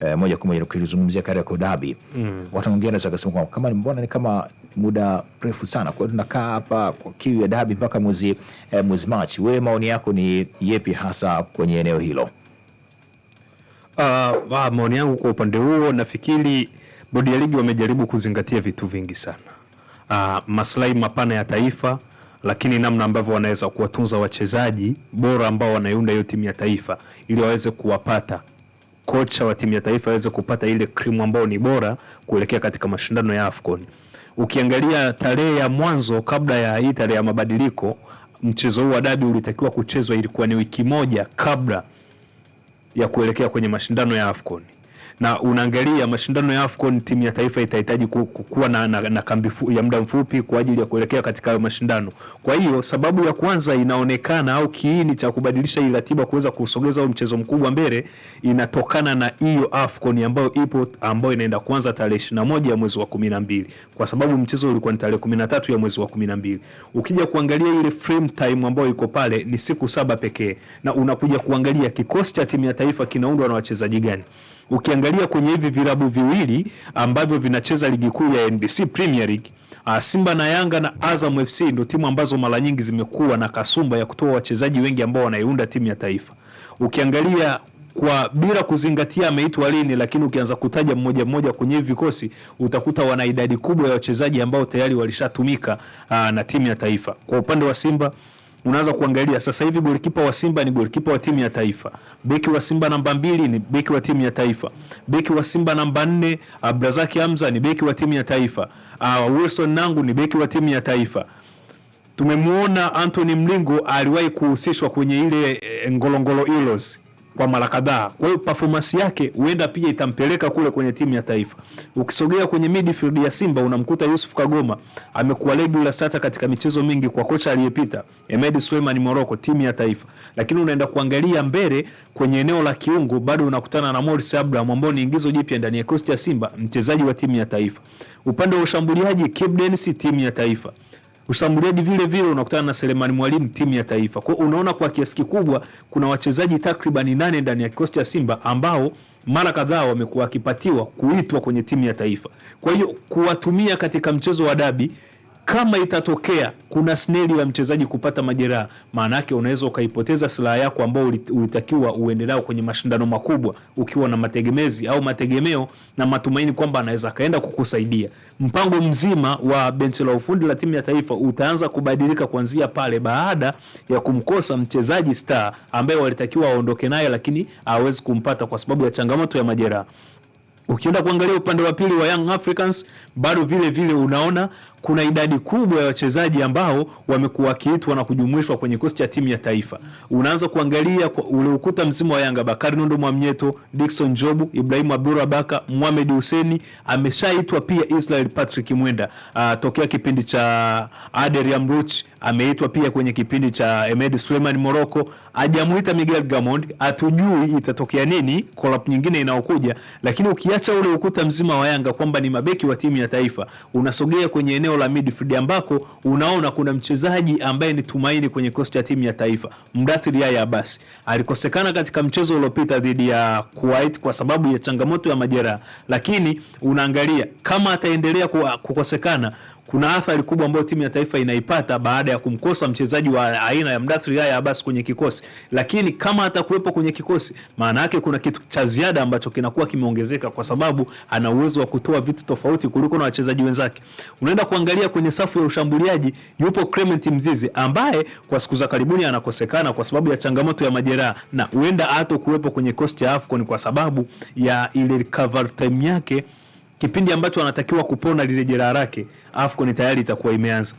eh, moja kwa moja ukizungumzia Kariakoo Derby mm. Watu wengine wanaweza kusema kwamba kama mbona ni kama muda mrefu sana, kwa hiyo tunakaa hapa kwa kiu ya Derby mpaka mwezi eh, mwezi Machi. Wewe maoni yako ni yepi hasa kwenye eneo hilo? Uh, maoni yangu kwa upande huo, nafikiri bodi ya ligi wamejaribu kuzingatia vitu vingi sana, uh, maslahi mapana ya taifa, lakini namna ambavyo wanaweza kuwatunza wachezaji bora ambao wanaiunda hiyo timu ya taifa ili waweze kuwapata kocha wa timu ya taifa aweze kupata ile krimu ambayo ni bora kuelekea katika mashindano ya AFCON. Ukiangalia tarehe ya mwanzo kabla ya hii tarehe ya mabadiliko, mchezo huu wa dabi ulitakiwa kuchezwa, ilikuwa ni wiki moja kabla ya kuelekea kwenye mashindano ya AFCON na unaangalia mashindano ya AFCON, timu ya taifa itahitaji kuwa na, na, na kambi ya muda mfupi kwa ajili ya kuelekea katika hayo mashindano. Kwa hiyo sababu ya kwanza inaonekana au kiini cha kubadilisha hii ratiba kuweza kusogeza huo mchezo mkubwa mbele inatokana na hiyo AFCON ambayo ipo ambayo inaenda kuanza tarehe ishirini na moja ya mwezi wa kumi na mbili kwa sababu mchezo ulikuwa ni tarehe kumi na tatu ya mwezi wa kumi na mbili. Ukija kuangalia ile frame time ambayo iko pale ni siku saba pekee, na unakuja kuangalia kikosi cha timu ya taifa kinaundwa na wachezaji gani ukiangalia kwenye hivi vilabu viwili ambavyo vinacheza ligi kuu ya NBC Premier League ah, Simba na Yanga na Azam FC ndio timu ambazo mara nyingi zimekuwa na kasumba ya kutoa wachezaji wengi ambao wanaiunda timu ya taifa. Ukiangalia kwa bila kuzingatia ameitwa lini, lakini ukianza kutaja mmoja mmoja kwenye hivi vikosi utakuta wana idadi kubwa ya wachezaji ambao tayari walishatumika ah, na timu ya taifa. Kwa upande wa Simba unaanza kuangalia sasa hivi golikipa wa Simba ni golikipa wa timu ya taifa, beki wa Simba namba mbili ni beki wa timu ya taifa, beki wa Simba namba nne Abdrazaki Hamza ni beki wa timu ya taifa, uh, Wilson Nangu ni beki wa timu ya taifa. Tumemwona Anthony Mlingo aliwahi kuhusishwa kwenye ile eh, Ngolongolo Eagles kwa mara kadhaa. Kwa hiyo performance yake huenda pia itampeleka kule kwenye timu ya taifa. Ukisogea kwenye midfield ya Simba unamkuta Yusuf Kagoma amekuwa regular starter katika michezo mingi kwa kocha aliyepita Ahmed Suleiman Morocco, timu ya taifa. Lakini unaenda kuangalia mbele kwenye eneo la kiungo, bado unakutana na Morris Abraham ambao ni ingizo jipya ndani ya kosti ya Simba, mchezaji wa timu ya taifa. Upande wa ushambuliaji Kibu Denis, timu ya taifa. Ushambuliaji vile vile unakutana na Selemani Mwalimu, timu ya taifa. Kwa unaona kwa kiasi kikubwa kuna wachezaji takribani nane ndani ya kikosi cha Simba ambao mara kadhaa wamekuwa wakipatiwa kuitwa kwenye timu ya taifa. Kwa hiyo kuwatumia katika mchezo wa dabi kama itatokea kuna sneli ya mchezaji kupata majeraha, maana yake unaweza ukaipoteza silaha yako ambayo ulitakiwa uende nayo kwenye mashindano makubwa, ukiwa na mategemezi au mategemeo na matumaini kwamba anaweza akaenda kukusaidia. Mpango mzima wa benchi la ufundi la timu ya taifa utaanza kubadilika kuanzia pale, baada ya kumkosa mchezaji star ambaye walitakiwa aondoke naye, lakini hawezi kumpata kwa sababu ya changamoto ya majeraha. Ukienda kuangalia upande wa pili wa Young Africans bado vile vile unaona kuna idadi kubwa ya wachezaji ambao wamekuwa wakiitwa na kujumuishwa kwenye kikosi cha timu ya taifa. Unaanza kuangalia uliokuta ukuta wa Yanga, Bakari Nondo Mwamnyeto, Dickson Jobu, Ibrahimu Abdurabaka, Mohamed Huseni, ameshaitwa pia Israel Patrick Mwenda uh, tokea kipindi cha Ader Yamruch ameitwa pia kwenye kipindi cha Emed Suleiman Morocco, ajamuita Miguel Gamond, Hatujui itatokea nini kolap nyingine inaokuja, lakini ukiacha ule ukuta mzima wa Yanga kwamba ni mabeki wa timu ya taifa, unasogea kwenye eneo eneo la midfield ambako unaona kuna mchezaji ambaye ni tumaini kwenye kikosi cha timu ya taifa, Mdathir Yahya Abbas alikosekana katika mchezo uliopita dhidi ya Kuwait kwa sababu ya changamoto ya majeraha, lakini unaangalia kama ataendelea kukosekana kuna athari kubwa ambayo timu ya taifa inaipata baada ya kumkosa mchezaji wa aina ya Mdathri Yaya Abbas kwenye kikosi, lakini kama atakuwepo kwenye kikosi, maana yake kuna kitu cha ziada ambacho kinakuwa kimeongezeka, kwa sababu ana uwezo wa kutoa vitu tofauti kuliko na wachezaji wenzake. Unaenda kuangalia kwenye safu ya ushambuliaji, yupo Clement Mzizi ambaye kwa siku za karibuni anakosekana kwa sababu ya changamoto ya majeraha, na huenda hata kuwepo kwenye kikosi cha AFCON kwa sababu ya ile recovery time yake kipindi ambacho anatakiwa kupona lile jeraha lake, AFCON tayari itakuwa imeanza.